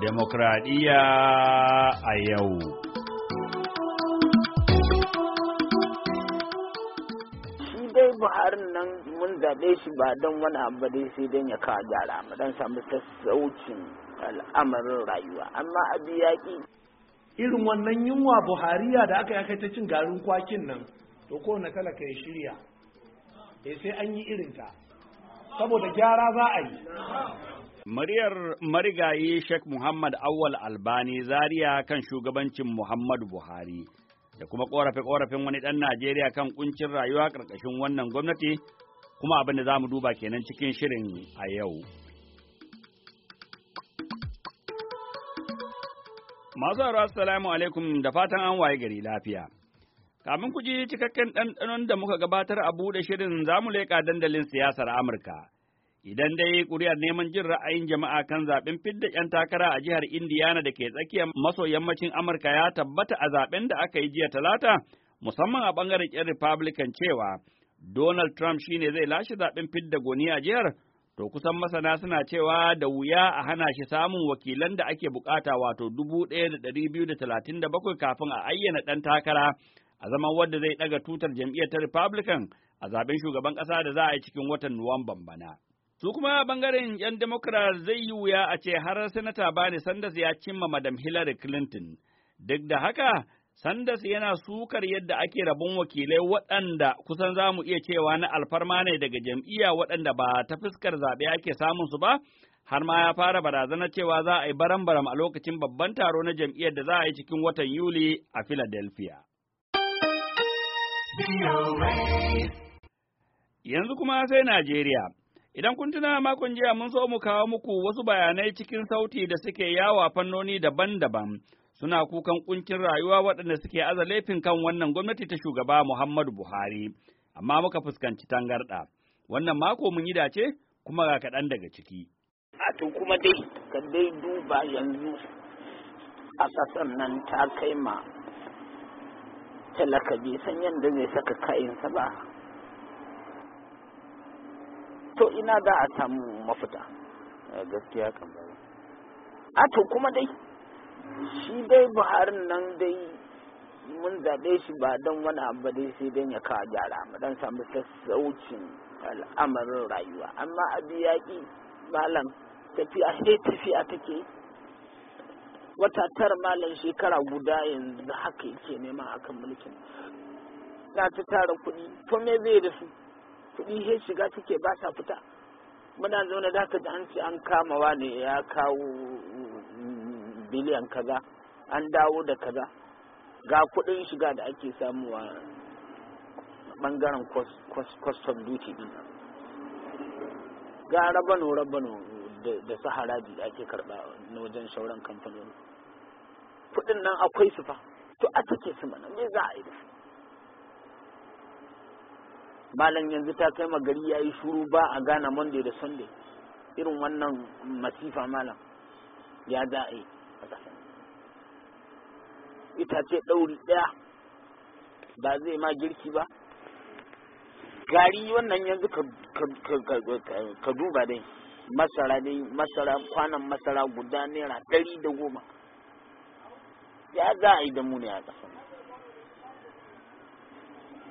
Demokradiyya a yau. Shi dai Buhari nan mun zaɓe shi ba don wani abu dai sai don ya kawo gyara mu don samu sassaucin al'amarin rayuwa amma abu yaƙi. Irin wannan yunwa Buhariya da aka yi ta cin garin kwakin nan to na talaka ya shirya eh sai an yi irin irinta saboda gyara za a yi mariyar marigayi Sheikh Muhammad Awal Albani Zaria kan shugabancin Muhammadu Buhari da kuma korafe-korafin wani ɗan Najeriya kan kuncin rayuwa ƙarƙashin wannan gwamnati kuma abin da za mu duba kenan cikin shirin a yau. Masu assalamu alaikum da fatan an waye gari lafiya. Kamin ku ji cikakken ɗanɗanon da muka gabatar a buɗe shirin za mu leƙa dandalin siyasar Amurka. Idan dai ƙuri'ar neman jin ra'ayin jama'a kan zaɓen fidda 'yan takara a jihar indiana da ke tsakiyar maso yammacin Amurka ya tabbata a zaɓen da aka yi jiya Talata, musamman a ɓangaren 'yan Republican cewa Donald Trump shine zai lashe zaɓen fidda goni a jihar, to kusan masana suna cewa da wuya a hana shi samun wakilan da ake bukata wato dubu ɗaya da ɗari biyu da talatin da bakwai kafin a ayyana ɗan takara a zaman wadda zai ɗaga tutar jam'iyyar ta Republican a zaben shugaban ƙasa da za a yi cikin watan Nuwamban bana. Su kuma bangaren 'yan Democrat zai yi wuya a ce har Sanata bani Sanders ya cimma Madam Hillary Clinton. Duk da haka, Sanders yana sukar yadda ake rabon wakilai waɗanda kusan za mu iya cewa na alfarma ne daga jam'iyya waɗanda ba ta fuskar zaɓe ake samun su ba, har ma ya fara barazanar cewa za a yi baram-baram a lokacin babban taro na jam'iyyar da za a yi cikin watan Yuli a Philadelphia. Yanzu kuma sai Najeriya. Idan kun tuna makon jiya mun so mu kawo muku wasu bayanai cikin sauti da suke yawa fannoni daban-daban. Suna kukan kuncin rayuwa waɗanda suke aza laifin kan wannan gwamnati ta shugaba Muhammadu Buhari, amma muka fuskanci tangarɗa. Wannan mako mun yi dace kuma ga kaɗan daga ciki. A to kuma dai, ka dai duba yanzu a ƙasar nan ta kai ma talaka bai san yadda zai saka kayansa ba to ina da a samu mafita eh, gaskiya kan ba a to kuma dai shi dai buharin nan dai mun zaɓe shi ba don wani abu dai sai don ya kawo gyara mu don samu sassaucin al'amarin rayuwa amma abu yaƙi malam tafiya sai tafiya take yi wata tara malam shekara guda yanzu haka yake nema a kan mulkin na ta tara kuɗi to me zai da su kuɗi he shiga take ba sa fita muna zaune da ka an ce an kama ne ya kawo biliyan kaza an dawo da kaza ga kuɗin shiga da ake samuwa bangaren custom duty din ga rabano rabano da da ake karɓa na wajen shauran kamfanoni kuɗin nan akwai su fa to a take su mana me za a yi da su malam yanzu ta kai magari ya shuru ba a gana monday da sunday irin wannan masifa malam ya za a yi a ce itace ɗauri ɗaya ba zai ma girki ba gari wannan yanzu ka duba dai masara dai masara kwanan masara guda naira ɗari da goma ya za a yi da mu a ƙasa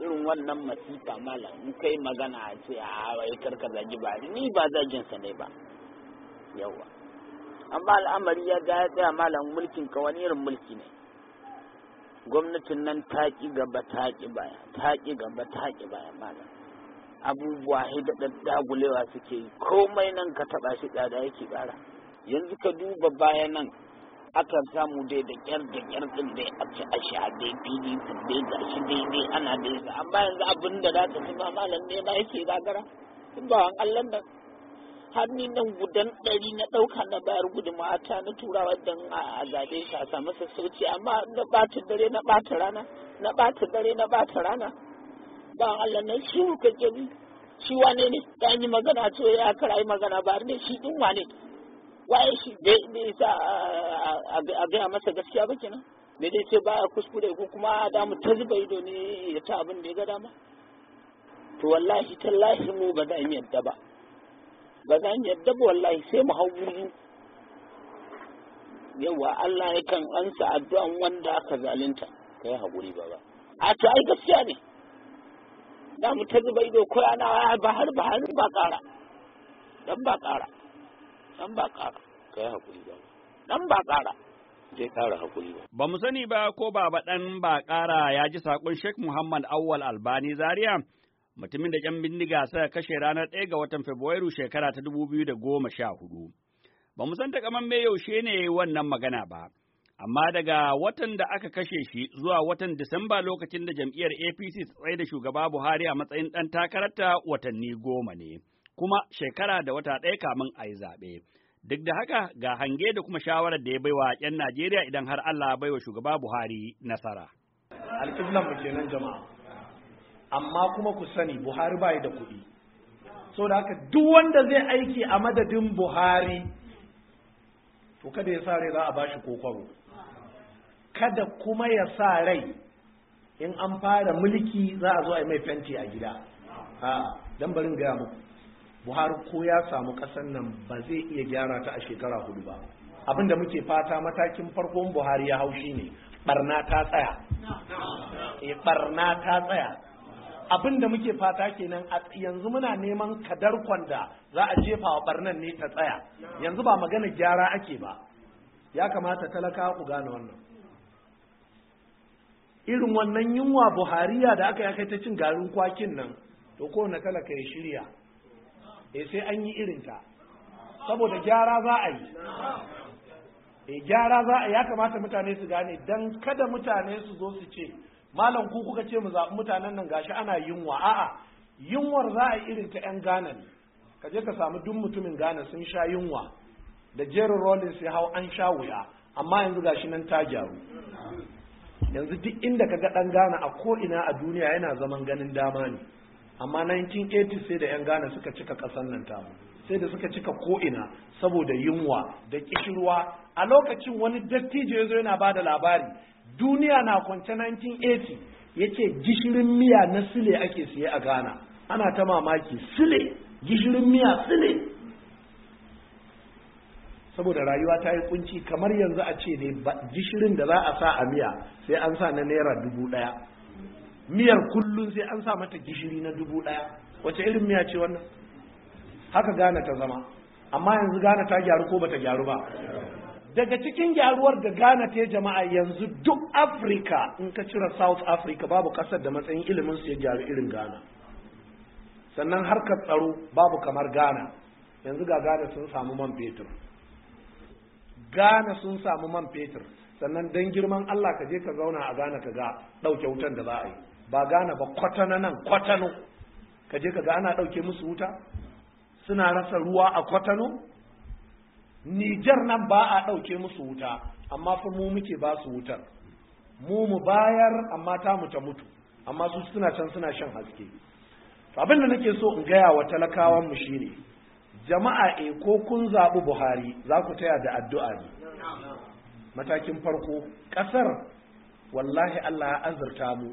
irin wannan masifa malam in kai magana a ce a wai karka zagi ba ni ba zagin sa ne ba yawa amma al'amari ya ga ya tsaya malam mulkin ka wani irin mulki ne gwamnatin nan ta ki gaba ta ki baya ta ki gaba ta ki baya malam abubuwa da dagulewa suke yi komai nan ka taba shi tsada yake kara yanzu ka duba baya nan akan samu dai da kyar da kyar ɗin dai a ci a sha dai pdp dai ga shi dai dai ana dai za amma yanzu abin da za ka ci malam ne ba yake gagara ba an allan nan har ni nan gudan ɗari na ɗauka na bayar gudunmawa ta na turawa don a zaɓe shi a samu sassauci amma na ɓata dare na ɓata rana na ɓata dare na ɓata rana ba allah nan shi kake ke shi wane ne ta yi magana to ya kara yi magana ba ne shi ɗin wane ne waye shi bai sa a gaya masa gaskiya ba kenan me dai ce baya kuskure ko kuma da mu ta zuba ido ne ya ta abin da ya ga dama to wallahi tallahi mu ba za mu yadda ba ba za mu yadda ba wallahi sai mu hau yau yawa Allah yakan ansa addu'an wanda aka zalunta kai hakuri ba ba a to ai gaskiya ne da ta zuba ido ko ana ba har ba har ba kara dan ba kara dan ba ƙara kai hakuri ba dan ba ƙara zai ƙara hakuri ba ba mu sani ba ko baba dan ba ƙara ya ji saƙon Sheikh Muhammad Awwal Albani Zaria mutumin da ƴan bindiga ya kashe ranar 1 ga watan Fabrairu shekara ta 2014 ba mu san ta takamaiman yaushe ne wannan magana ba amma daga watan da aka kashe shi zuwa watan Disamba lokacin da jam'iyyar APC tsaye da shugaba Buhari a matsayin ɗan takararta watanni goma ne. kuma shekara da wata ɗaya kamin a yi zaɓe. Duk da haka ga hange da kuma shawarar da ya baiwa 'yan Najeriya idan har Allah baiwa shugaba Buhari nasara. Alƙiblan kenan jama'a. Amma kuma ku sani Buhari bai da kuɗi. So da haka duk wanda zai aiki a madadin Buhari to kada ya sa rai za a ba shi kokwaro. Kada kuma ya sa rai in an fara mulki za a zo a yi mai fenti a gida. Ah, don dan barin gaya muku. buhari ko ya samu kasan nan ba zai iya gyara ta a shekara hudu ba abinda muke fata matakin farkon buhari ya haushi ne barna ta tsaya e eh, barna ta tsaya abinda muke fata kenan yanzu muna neman kadar kwanda za a jefa wa barnan ne ta tsaya yanzu ba magana gyara ake ba ya kamata talaka ku gane wannan irin wannan yunwa buhariya da aka yi ta cin garin kwakin nan to kowane talaka ya shirya eh sai an yi irinta saboda gyara za a yi eh gyara za a ya kamata mutane su gane dan kada mutane su zo su ce malam ku kuka ce mu zaɓi mutanen nan gashi ana yunwa a'a yunwar za a yi irin ta yan gana ne ka je ka samu duk mutumin gana sun sha yunwa da Jerry Rollins ya hau an sha wuya amma yanzu gashi nan ta gyaru yanzu duk inda ka ga dan gana a ko ina a duniya yana zaman ganin dama ne amma 1980 sai da 'yan ghana suka cika ƙasan nan tamu sai da suka cika ko'ina saboda yunwa da kishirwa a lokacin wani dattijo ya zo yana ba da labari duniya na kwance 1980 ya ce gishirin miya na sile ake siye a ghana ana ta mamaki sile gishirin miya sile saboda rayuwa ta yi kunci kamar yanzu a ce ne gishirin da za a sa a miya sai an sa na naira dubu ɗaya miyar kullum sai an sa mata gishiri na dubu ɗaya wace irin miya ce wannan haka gane ta zama amma yanzu gane ta gyaru ko bata gyaru ba daga cikin gyaruwar da gane ta jama'a yanzu duk afirka in ka cire south africa babu ƙasar da matsayin ilimin su ya gyaru irin Gana. sannan harkar tsaro babu kamar Gana. yanzu ga gane sun samu man fetur gane sun samu man fetur sannan don girman allah ka je ka zauna a gane ka ga ɗauke wutan da za a yi ba gane ba kwatana nan kwatano ka je kaga ana ɗauke musu wuta suna rasa ruwa a kwatano nijar nan ba a ɗauke musu wuta amma fa mu muke ba su wutar mu mu bayar amma ta mu ta mutu amma su suna can suna shan haske abin da nake so in gaya wa talakawan mu shine jama'a e ko kun zaɓi buhari za ku taya da addu'a ne matakin farko ƙasar wallahi allah ya azurta mu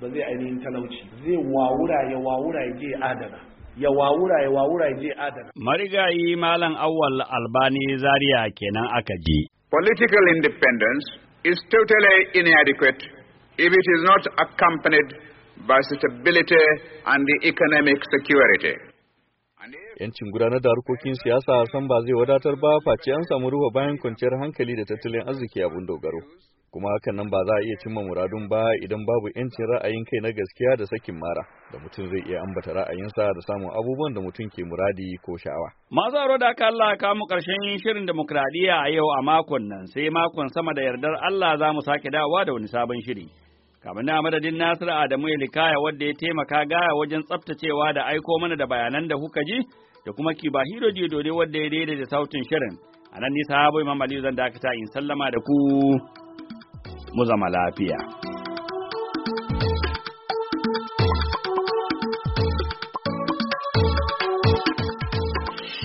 ba zai ainihin talauci zai wawura ya wawura ya je adana ya wawura ya wawura ya je adana marigayi malam awwal albani zaria kenan aka ji political independence is totally inadequate if it is not accompanied by stability and the economic security yancin gudanar da harkokin siyasa san ba zai wadatar ba face an samu ruwa bayan kwanciyar hankali da tattalin arziki abun dogaro kuma hakan nan ba za a iya cimma muradun ba idan babu yancin ra'ayin kai na gaskiya da sakin mara da mutum zai iya ambata ra'ayinsa da samun abubuwan da mutum ke muradi ko sha'awa. Masu aro da aka Allah kamu karshen shirin demokradiyya a yau a makon nan sai makon sama da yardar Allah za mu sake dawowa da wani sabon shiri. kamar na madadin Nasiru Adamu Elikaya wanda ya taimaka gaya wajen tsaftacewa da aiko mana da bayanan da kuka ji da kuma Kibahiro Jidode wadda ya daidaita sautin shirin. A nan nisa Habu Imam Aliyu zan dakata in sallama da ku mu zama lafiya.